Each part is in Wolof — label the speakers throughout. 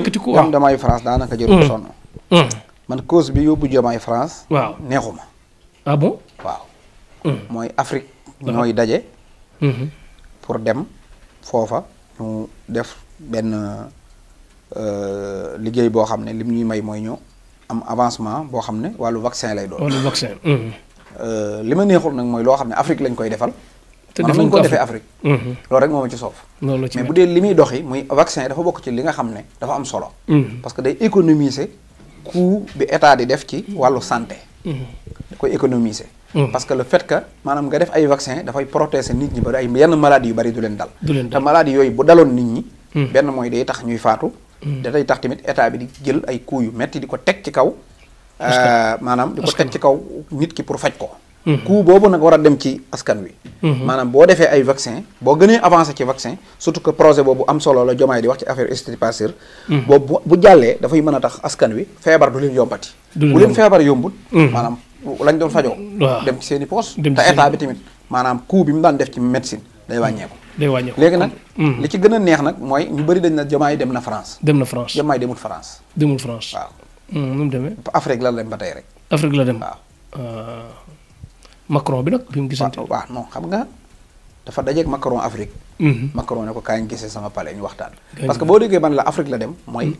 Speaker 1: yëkkati ko waaw damay France daanaka jëru mm. sonn mm. man cause bi yóbbu jamaay France waaw neexuma ah bon waaw mm. mooy Afrique ah. ñooy daje mm-hmm. pour dem foofa ñu def benn euh, liggéey boo xam ne lim ñuy may mooy ñu am avancement boo xam ne wàllu vaccin lay doon wàllu mm-hmm. euh, li ma neexul nag mooy loo xam ne Afrique lañ koy defal te def nañ ko defee Afrique mhm. loolu rek moo ma ci soof mais bu dee li muy doxi muy vaccin dafa bokk ci li nga xam ne dafa am solo mhm. parce que day économiser coût bi état di def ci wàllu santé mhm. da koy économiser parce que le fait que maanaam nga def ay vaccin dafay protéger nit ñi bari ay yenn maladie yu bari du leen dal te maladie yooyu bu daloon nit ñi benn mooy day tax ñuy faatu datay tax tamit état bi di jël ay coût yu metti di ko teg ci kaw euh, maanaam ci kaw nit ki pour faj ko coût boobu nag war a dem ci askan wi Mm-hmm. maanaam boo defee ay vaccin boo gënee avancé ci vaccin surtout que projet boobu am solo la jomaay di wax ci affaire Institut Pasteur mm-hmm. boobu bu jàllee dafay mën a tax askan wi feebar du leen yombati bu leen feebar yombut mm-hmm. maanaam lañ doon fajoo dem ci seen i poos te état bi tamit maanaam coût bi mu daan def ci médecine day wàññeeku day wàññeeku léegi nag li ci gën a neex nag mooy ñu bëri dañ na jomaay dem na France dem na France jomaay demul France demul France waaw la ba tey rek Macron bi nag bi gisante waaw non xam nga dafa dajeeg Macron Afrique. Mhm. Macron ne ko kaay ñu gisee sama palais ñu waxtaan. parce que boo déggee man la Afrique la dem mooy. Mhm.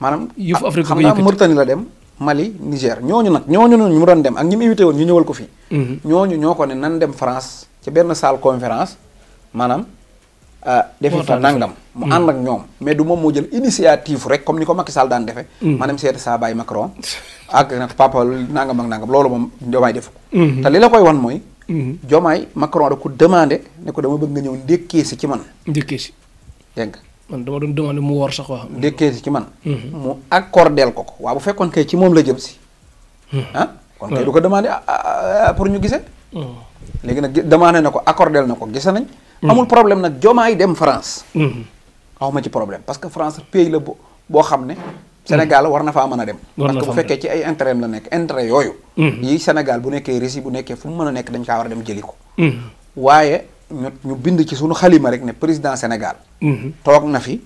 Speaker 1: maanaam yëfu Afrique xam nga Mauritanie la dem. Mali Niger ñooñu nag mu doon dem ak ñi mu invité woon ñu ñëwal ko fii. Mhm. ñooñu ñoo ko ne nan dem France ci benn salle conférence maanaam Euh, defi fa nangam mu hmm. ànd ak ñoom mais du moom moo jël initiative rek comme ni ko Macky Sall daan defe hmm. maanaam seeti saa bàyyi Macron ak nag papa nangam ak nangam loolu moom Diomaye def ko hmm. te li la koy wan mooy Diomaye Macron da ko demandé ne ko dama bëgg nga ñëw ndékkee si ci man ndékkee si dégg nga man dama doon demandé mu woor ci man mu ko ko waaw bu fekkoon kay ci moom la jëm si ah kon kay du ko demandé ah, ah, ah, pour ñu gise léegi nag demandé ne ko accordeel na ko gise nañ Mm-hmm. amul problème nag Diomaye dem France. Mm-hmm. awma ci problème parce que France pays la bo boo xam ne. Sénégal war na faa mën a dem. parce que bu fekkee ci ay intérêt la nekk intérêt yooyu. Mm-hmm. yi Sénégal bu nekkee Russie bu nekkee fu mu mën a nekk dañ kaa war a dem jëli ko. waaye ñu bind ci suñu xalima rek ne président Sénégal. toog na fi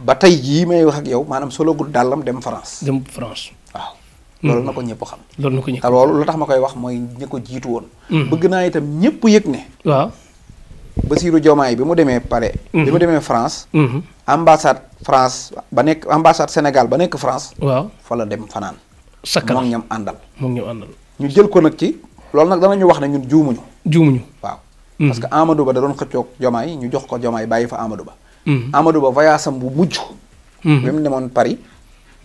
Speaker 1: ba tey jii may wax ak yow maanaam sologul dàllam dem France. dem France waaw. loolu na ko ñëpp xam. loolu na ko ñëpp xam te loolu la tax ma koy wax Bassirou jomay bi mu démé paré bi mu mhm. démé France. Mhm. ambassade France ba nek ambassade Sénégal ba nek France. waaw fa la dem fanan sakkan mo ñam andal mo ñu andal ñu jël ko nak ci loolu nag danañu wax né ñun juumuñu. juumuñu waaw. Mhm. parce que Amadou Ba da doon xëccok jomay ñu jox ko jomay bayyi fa Amadou Ba. Amadou Ba voyage bu mujj. bi mu demoon Paris.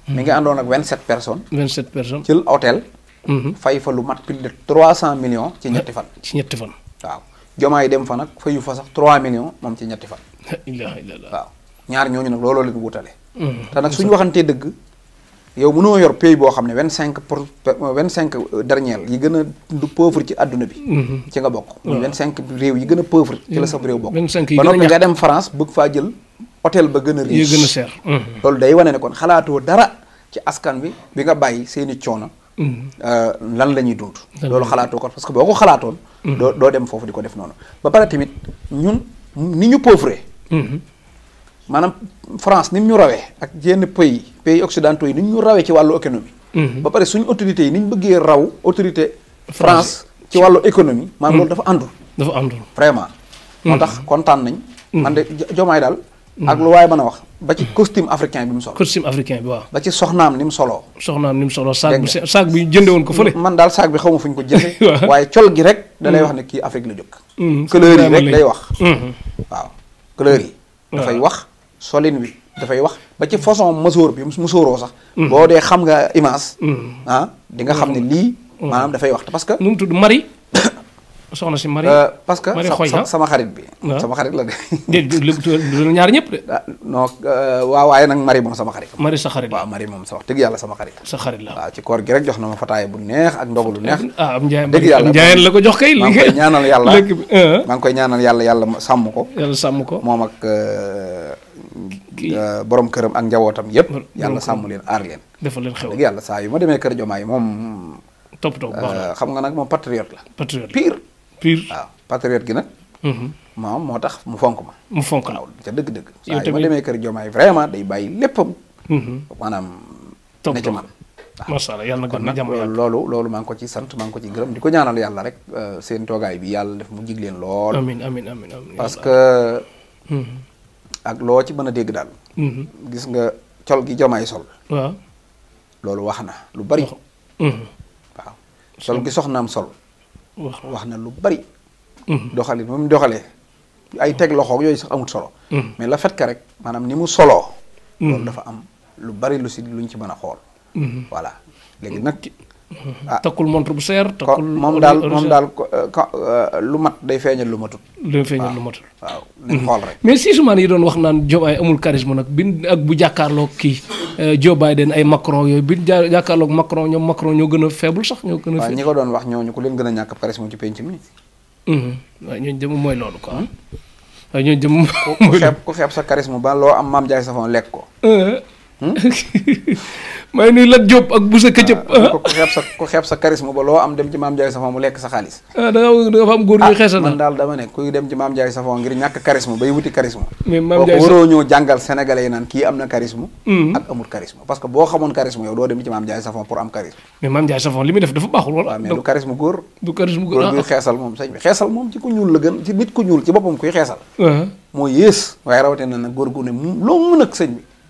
Speaker 1: mi nga andon ak 27 personnes. 27 personnes jël hôtel. fay fa lu mat plus de 300 millions. ci ñetti fan ci ñetti fan waaw. jomaay dem fa nag fayu fa sax 3 millions moom ci ñetti fan. waaw ñaar ñooñu nag looloo leen wutale. Mm. te nag suñu waxantee dëgg. yow mënoo yor pays boo xam ne vingt cinq pour vingt cinq dernier yi gën a du ci àdduna bi. Mm-hmm. ci nga bokk. vingt cinq réew yi gën a pauvre. ci la mm. sa réew bokk. a ba noppi nga dem France bëgg faa jël hôtel ba gën a. riche mm-hmm. loolu day wane ne kon xalaatoo dara ci askan bi bi nga bàyyi seeni coono. Euh, lan la ñuy dund. loolu xalaatoo ko parce que boo ko xalaatoon. Mm. doo dem foofu di ko def noonu. ba pare tamit ñun ni ñu pauvre. Mm-hmm. maanaam France ni mu ñu rawee ak yenn pays pays occidentaux yi ni ñu rawee ci wàllu économie. Mm-hmm. ba pare suñu autorité yi ni ñu bëggee raw autorité. France ci wàllu économie. maanaam mm. loolu dafa àndul. dafa àndul vraiment. Mm-hmm. moo tax kontaan nañ. man de jomaay daal Mm. ak lu waaye mën a wax ba ci costume africain bi mu solo costume africain bi waaw ba ci soxnaam ni mu solo soxnaam ni mu soloo saag bi jënde woon ko fële man daal saag bi xaw ma fu ñu ko jënde waaye col gi rek da lay mm. wax ne kii Afrique la jóg mm, couleur yi rek day wax mm-hmm. waaw couleur yi dafay wax solin wi dafay wax ba ci façon masoor bi masooroo sax boo dee xam nga image ah di nga xam ne lii maanaam dafay wax parce que nu mu tudd mari soxna ci mari euh, parce que sama xarit bi. Ah. sama xarit la de. de ñaar ah, euh, ñep de. no wa way nak mari mom sama xarit. mari sa xarit wa mari mom sa wax deug yalla sama xarit. sa xarit la waaw ci koor gi rek jox na ma fataay bu neex ak ndogu lu neex. ah am njaay dëgg yàlla njaayeen la ko jox kay. maa ngi yalla ñaanal yàlla ah. maa ngi koy ñaanal yalla yalla sam ko. yalla sam ko mom ak euh, borom kërëm ak njabootam yëpp. yàlla sàmm leen aar leen. defal leen xew yàlla saa yu ma demee kër jomaay moom top top baax xam nga nag moom patriote la. patriote pire pur waaw ah, patriote gi nag maam moo tax mu fonk ma mu fonk la ca dëgg dëgg saa yu ma demee kër jomaay vraiment day bàyyi léppam mhm. maanaam ne ca man macha allah yalla nga gën na jàmm yàgg loolu loolu maa ngi ko ci sante maa ngi ko ci gërem diko ñaanal yalla rek euh, seen togaay bi yalla def mu jig leen lool amin amin amin amin parce que mhm. ak lo ci mëna a dégg daal mhm. gis nga ciol gi jomay sol waaw lolu waxna lu bari hmm waaw sol gi soxnam sol wax na lu bari hmm. doxali ba doxale ay tek loxo yoy sax amul solo hmm. mais la fait que rek manam ni mu solo mom dafa am lu bari lu ci luñ ci mëna xol hmm. voilà légui nak ah. takul montre bu seer takul mom dal mom dal lu mat day feñal lu matul lu feñal lu matul waaw ni xol rek mais si suman yi doon wax naan jobay amul charisme nak bin ak bu jakarlo ki Euh, Joe Biden ay Macron yooyu bi ja jàkkaarloog Macron ñoom ñoo gën a faible sax ñoo gën a. waaw ñi ko doon wax ñooñu ku leen gën a ñàkk ab charisme ci penc mi. Mhm. waaw ñooñu jëm mooy loolu ko hmm? waaw ñooñu jëm mooy. ku xeeb ku xeeb sa charisme ba loo am maam jaay sa fon lekk ko. Euh, Hmm? may nuy lat jóob ak busa këcëb ah, ah. ku ku xeeb sa charisme ba loo am dem ci maam Ndiaye sa xaalis ah da nga da nga fa am ah, dem ci maam Ndiaye Safon ngir ñàkk charisme bay wuti charisme mais maam waroo ñoo jàngal sénégalais yi naan kii am na charisme hmm. ak amul charisme parce boo xamoon charisme yow doo dem ci maam Ndiaye Safon pour am charisme mais maam Ndiaye Safon li muy def dafa baaxul wala mais du charisme góor du charisme góor du xeesal moom sëñ bi xeesal moom ci ku ñuul la gën ci nit ku ñuul ci boppam kuy xeesal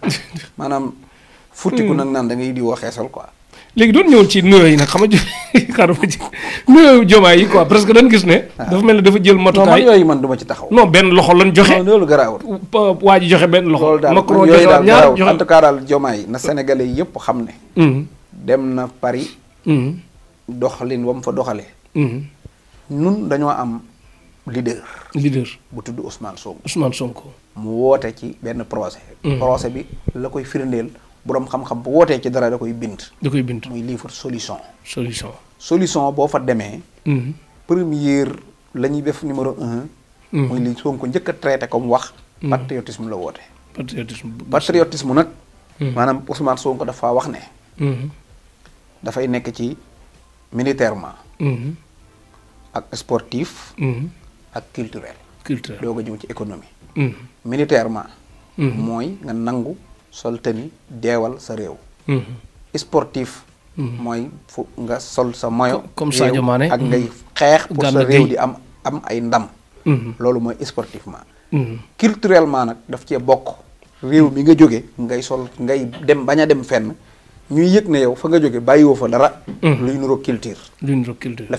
Speaker 1: maanaam. furtiku hmm. nag naan da ngay di woo xeesal quoi. léegi doon ñëwoon ci nuyoo yi nag xam nga xaaral ma ci nuyoo jomaay yi quoi presque que gis ne. Ah. dafa mel ne dafa jël matukaay non man yooyu ci taxaw. non benn loxo lan joxe. non loolu garaawul. waa ji joxe benn loxo. Macron joxe woon ñaar joxe en tout cas daal jomaay na sénégalais yëpp xam ne. Hmm. dem na Paris. Hmm. doxalin wam fa doxalee. nun dañoo am. leader. leader bu tudd Ousmane Sonko. Ousmane Sonko. mu woote ci benn procès. Mm. procès bi la koy firndeel boroom xam-xam bu wootee ci dara da koy bind. da koy bind muy livre solution. solution solution boo fa demee. Mm. première la def numéro un. Mm. muy li Sonko njëkk a ko mu wax. patriotisme la woote. patriotisme patriotisme nag. maanaam Ousmane Sonko dafa wax ne. dafay nekk ci militairement. ak sportif. ak culturel. culturel doo ko jëm ci économie. Mm. militairement. Mm. mooy nga nangu sol tenue deewal sa réew. Mm. sportif. mooy fu nga sol sa mayo. comme Sadio Mané ak ngay xeex pour sa réew di am am ay ndam. loolu mooy sportivement. culturellement nag daf cee bokk. réew mi nga jóge ngay sol ngay dem bañ a dem fenn. ñuy yëg ne yow fa nga jóge bàyyiwoo fa dara. luy nuroo culture. luy nuroo culture le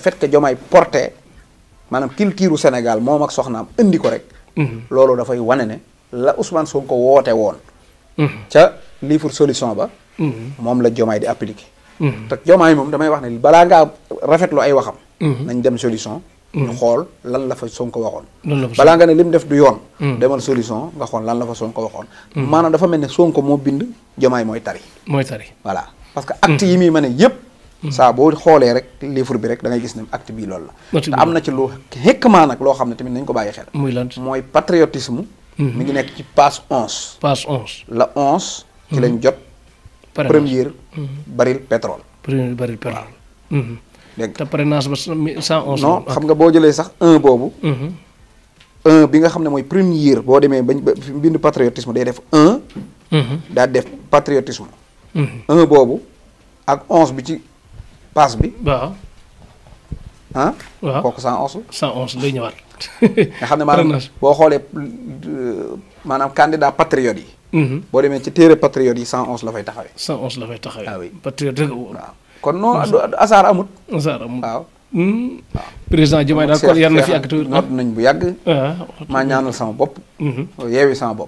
Speaker 1: maanaam culture Sénégal moom ak soxnaam indi ko rek. Mhm. loolu dafay wane ne la Ousmane ko woote woon. Mhm. ca livre solution ba. Mhm. moom la Diomaye di appliqué. te Diomaye moom damay wax ne balaa ngaa rafetlu ay waxam. nañ dem solution. ñu xool lan la fa Sonko waxoon. balaa nga ne lim def du yoon. demal solution nga xool lan la fa Sonko waxoon. maanaam dafa mel ne Sonko moo bind Diomaye mooy tari. mooy tari voilà parce que acte yi muy ma a yëpp. Mhm. saa boo xoolee rek livre bi rek da ngay gis ne acte bii loolu la te am na ci lu xëkkmaa nag loo xam ne tamit nañ ko bàyyi xel mooy patriotisme mhm. mi ngi nekk ci passe onze passe onze la onze ci mhm. lañ jot première baril pétrole baril pétrole xam nga boo jëlee sax un boobu un bi nga xam ne mooy première boo demee bañ ba bindu patriotisme day def un daal def patriotisme un boobu ak onze bi ci paas bi. waaw. ah. waaw kooku 111. 111 lay ñëwaat. nga xam ne maanaam boo xoolee euh, maanaam candidat patriote yi. Mhm. boo demee ci téere patriote yi 111 la fay taxawee. 111 la fay taxawee. ah oui patriote rek waaw kon noonu asaar amut. asaar amut waaw. Hmm. waaw président Diomaye daal kon yar na fi ak. noot nañ bu yàgg. Ah, maa ñaanal sama bopp. Mhm. yeewi sama bopp.